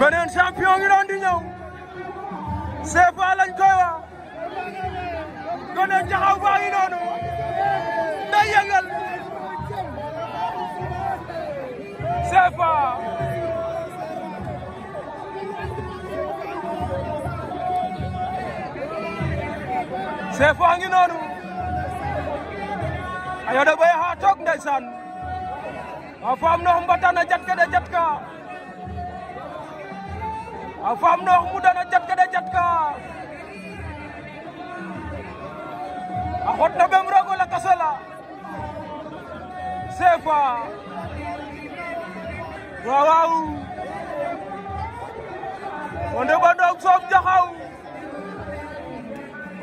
beneen champion ngi doon di ñëw CFA lañ koy wax gone jaxaw baa noonu day yëngal CFA CFA ngi noonu ayo da bay ha tok ndeysaan wa faam no mbata na jatka a faam noox mu dana jatka da jatka a xotna ɓem roog o lakasala sefa waawaaw o ndeɓandoog soom jaxaw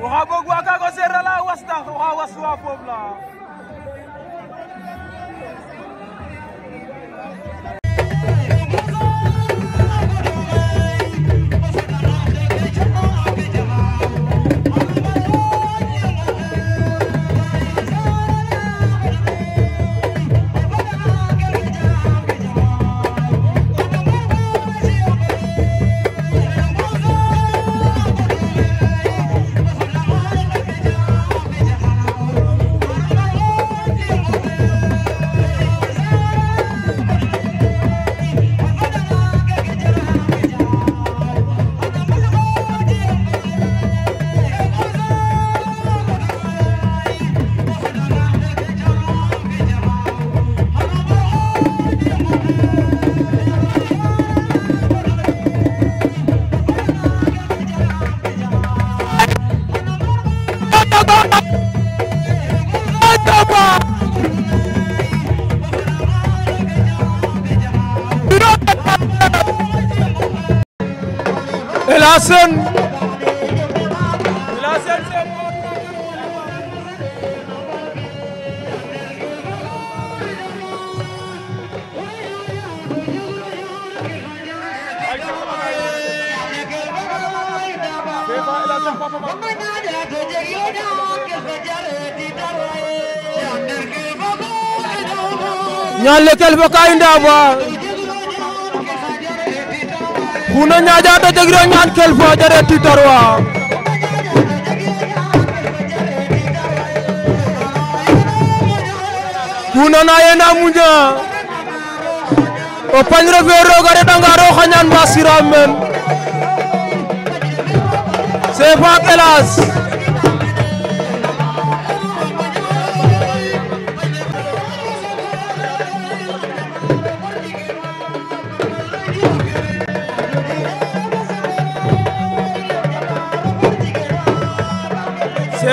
oxa bog wa kaaga o seereer ala wastax oxa waswa foof la لاسن يا لك الفقاء يا Kuuna ñaajaata jegiro ñaan kel fo jare titarwa Kuuna na yena muña o pañre fe roog a reɗanga roog a ñaan mba siram men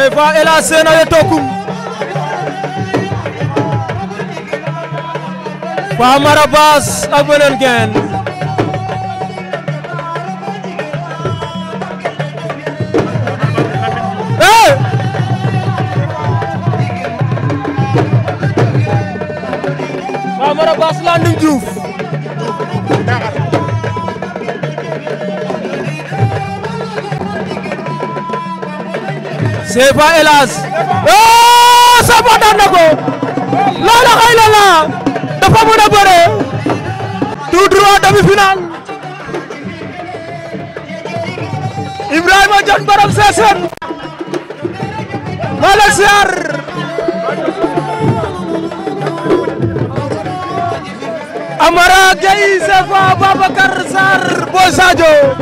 Eva Ela Sena yo tokum Famara Bass ak beneen geen hey Famara Bass Landing Diouf CFA Elage Samba daan na ko loola xëy na dafa mën a bëre tout droit demi-finale Ibrahima Dione Borom Sessène Amara Gueye CFA Babacar Sarr Boy Sadio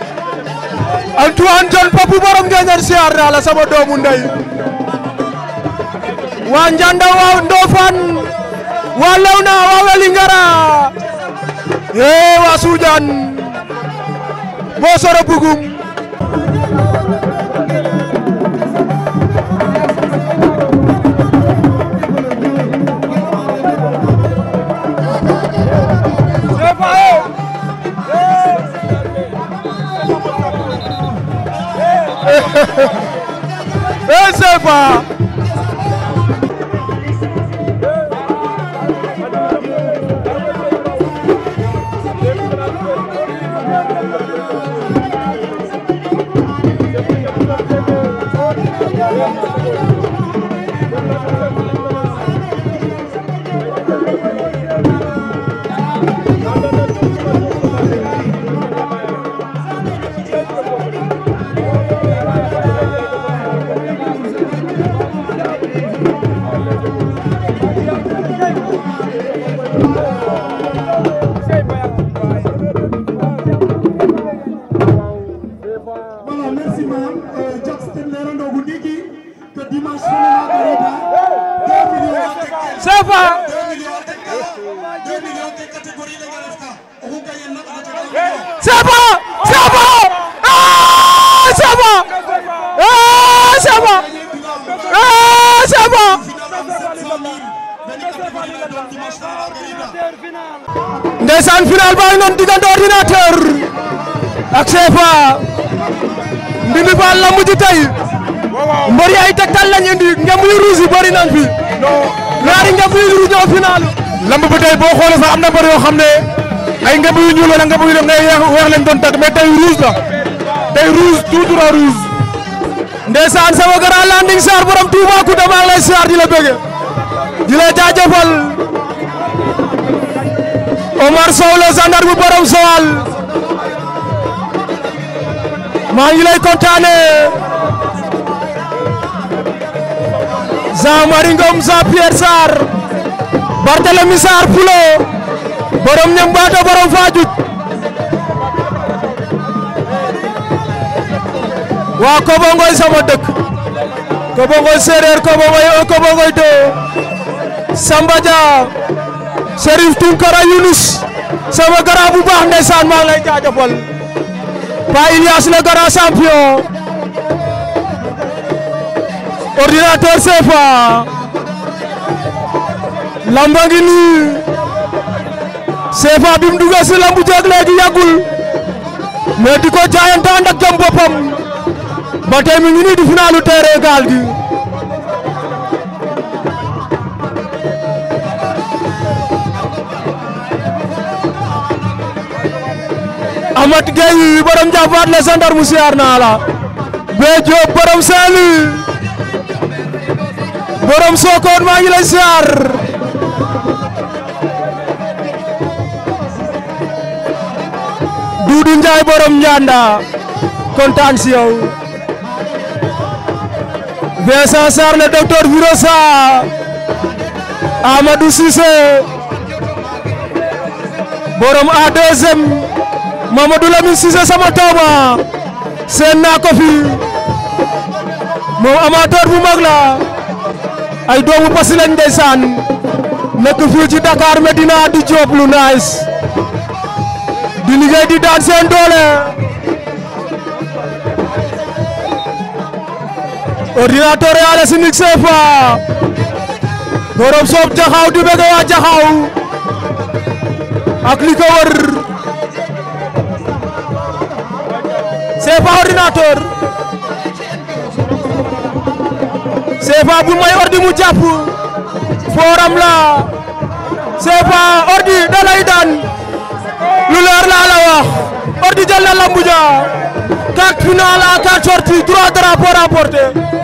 Antoine John Papu borom Njanjan siyaar naa la sama doomu ndey waa Njanda waa Ndofane waa Lawna waa Welingara ee waa Suujaan boo soro bugum merci maam Jax ten leerandoogu ndiiki que dimanche fenena a reta deux millions safa deux millions deux millions te catégorie le garefka oxu gagner nak safa safa safa safa safa ndeysaan final baa ngi noonu diggante ordinateur ak CFA Ndindy Fall lamb ji tey mbër yi ay tegtal lañ indi ngëm yu ruus yi bëri fi ñaari ngëm yu ruus ñoo lamb bi tey boo xoolee sax am na mbër yoo xam ne ay ngëm yu ñuul wala ngëm yu def ngay weex lañ doon tag mais tey ruus la tey ruus tout ruus ndeysaan sama grand landing sar borom Toubacouta maa ngi lay siyaar di la bëgge di la jaajëfal Omar Sow la gendarme bu borom Sowal maa ngi lay kontaane Jean Marie Ngom Jean Pierre Sarr Barthélemy Sarr Pulo borom ñam baata borom Fadiouth waa Kobongoy sama dëkk Kobongoy séeréer Kobongoy un Kobongoy deux Samba Dia Serif Tunkara Yunus sama garab bu baax ndeysaan maa ngi lay jaajëfal Pa Ilias le grand champion ordinateur CFA lamba ngi nii CFA bi mu duggee si lambu jeeg léegi yàggul mais di ko jaayante ànd ak jom boppam mi ngi nii di finalu terrain gaal gi. Ahmed Gueye borom jàppaat la gendarme siyaar naa la Bébé Diop borom Saint-Louis borom Sokone maa ngi lay siyaar Doudou Ndiaye borom Ndianda kontaan si yow Vincent Sarr le docteur Virosa Amadou Cissé borom a Mamadou Lamine Cissé sama Touba seen naa ko moom amateur bu mag la ay doomu Passy lañ ndeysaan nekk fii ci Dakar Medina di job lu nice di liggéey di daan seen doole ordinateur yàlla si nik seefa borom soob jaxaw di bëgg jaxaw ak li wër CFA ordinateur CFA bu may ordi mu jàpp fooram la CFA ordi da daan lu leer laa la wax ordi jël na lambu ja quatre finale à quatre sorties trois drapeaux rapportés